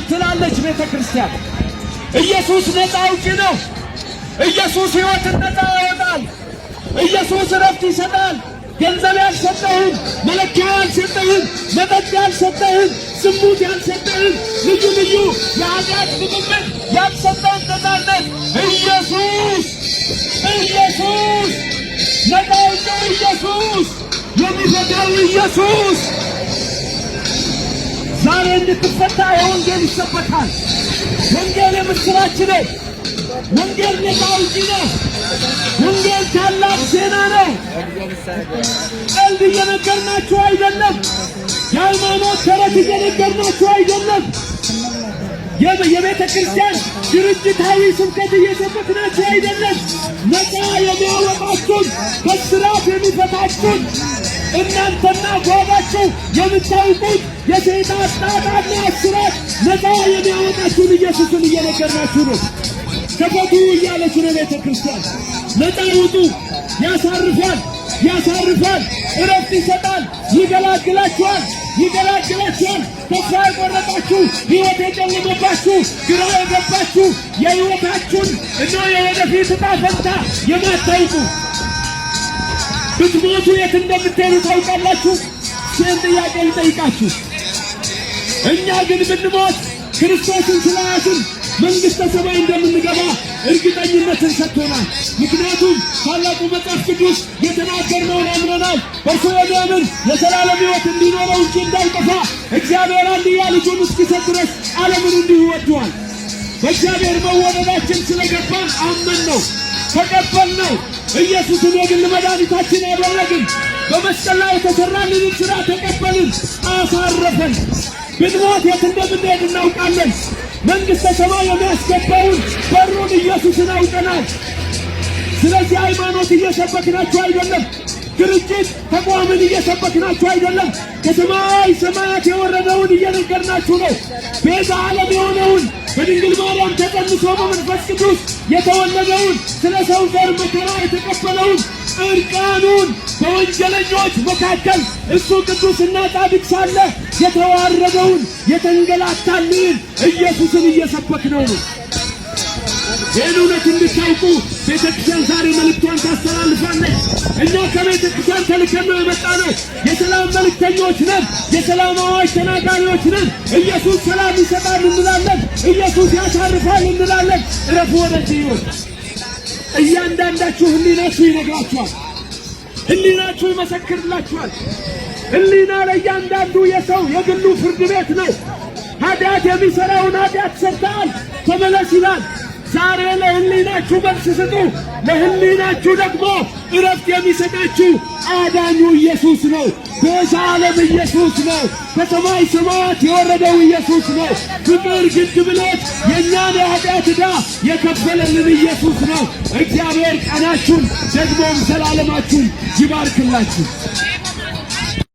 ነን ትላለች ቤተ ክርስቲያን። ኢየሱስ ነፃ አውጪ ነው። ኢየሱስ ሕይወትን ነፃ ያወጣል። ኢየሱስ ረፍት ይሰጣል። ገንዘብ ያልሰጠህን፣ መለኪያ ያልሰጠህን፣ መጠጥ ያልሰጠህን፣ ዝሙት ያልሰጠህን፣ ልዩ ልዩ የኃጢአት ምቅምቅ ያልሰጠህን ነፃነት ኢየሱስ ኢየሱስ ነፃ አውጪው ኢየሱስ የሚፈታው ኢየሱስ ዛሬ እንድትፈታ የወንጌል ይሰበካል። ወንጌል የምስራች ነው። ወንጌል ነፃ አውጪ ነው። ወንጌል ታላቅ ዜና ነው። ቀልድ እየነገርናችሁ አይደለም። የሃይማኖት ተረት እየነገርናችሁ አይደለም። የቤተ ክርስቲያን ድርጅታዊ ስብከት እየሰበክናችሁ አይደለም። ነፃ የሚያወጣችሁን በስራት የሚፈታችሁን እናንተና ጓዳችሁ የምታውቁት የሰይጣን ጣጣና ስራት ነፃ የሚያወጣችሁን ኢየሱስን እየነገርናችሁ ነው። ተፈቱ እያለች ነው ቤተ ክርስቲያን። ነፃ ውጡ። ያሳርፏል፣ ያሳርፏል፣ እረፍት ይሰጣል፣ ይገላግላችኋል ይገላግላችኋል። ተስፋ የቆረጣችሁ ሕይወት የጨለመባችሁ ግራ የገባችሁ የሕይወታችሁን እና የወደፊት ዕጣ ፈንታ የማታውቁ ብትሞቱ የት እንደምትሄዱ ታውቃላችሁ? ይህን ጥያቄ ልጠይቃችሁ። እኛ ግን ብንሞት ክርስቶስን ስለያዝን መንግሥተ ሰማይ እንደምንገባ እርግጠኝነትን ሰጥቶናል። ምክንያቱም ታላቁ መጽሐፍ ቅዱስ የተናገርነውን አምነናል። በእርሱ የሚያምን የዘላለም ሕይወት እንዲኖረው እንጂ እንዳይጠፋ እግዚአብሔር አንድያ ልጁን እስኪሰጥ ድረስ ዓለምን እንዲሁ ወዷል። በእግዚአብሔር መወደዳችን ስለገባን አመን ነው ተቀበል ነው። ኢየሱስ ነው ግን መድኃኒታችን አደረግን። በመስቀል ላይ የተሰራልንን ሥራ ተቀበልን፣ አሳረፈን። ብንሞት የት እንደምንሄድ እናውቃለን። መንግሥተ ሰማይ የሚያስገባውን በሩን ኢየሱስን አውቀናል። ስለዚህ ሃይማኖት እየሰበክናችሁ አይደለም ድርጅት ተቋምን እየሰበክናችሁ አይደለም። ከሰማይ ሰማያት የወረደውን እየነገርናችሁ ነው። ቤዛ ዓለም የሆነውን በድንግል ማርያም ተጸንሶ በመንፈስ ቅዱስ የተወለደውን ስለ ሰው ዘር መከራ የተቀበለውን እርቃኑን በወንጀለኞች መካከል እሱ ቅዱስና ጻድቅ ሳለ የተዋረደውን የተንገላታልን ኢየሱስን እየሰበክነው ነው። ይህን እውነት እንድታውቁ ቤተክርስቲያን ዛሬ መልእክቷን ታስተላልፋለች። እኛ ከቤተክርስቲያን ተልከን ነው የመጣነው። የሰላም መልእክተኞች ነን። የሰላም አዋጅ ተናጋሪዎች ነን። ኢየሱስ ሰላም ይሰጣል እንላለን። ኢየሱስ ያሳርፋል እንላለን። እረፉ ወደዚህ ይሆን እያንዳንዳችሁ ህሊናችሁ ይነግራችኋል። ህሊናችሁ ይመሰክርላችኋል። ህሊና ለእያንዳንዱ የሰው የግሉ ፍርድ ቤት ነው። ኃጢአት የሚሠራውን ኃጢአት ሰርተሃል ተመለስ ይላል። ዛሬ ለህሊናችሁ መልስ ስጡ። ለህሊናችሁ ደግሞ እረፍት የሚሰጣችሁ አዳኙ ኢየሱስ ነው። ቤዛ ዓለም ኢየሱስ ነው። ከሰማይ ሰማያት የወረደው ኢየሱስ ነው። ፍቅር ግድ ብሎት የእኛን የኃጢአት ዕዳ የከፈለልን ኢየሱስ ነው። እግዚአብሔር ቀናችሁን ደግሞም ዘላለማችሁን ይባርክላችሁ።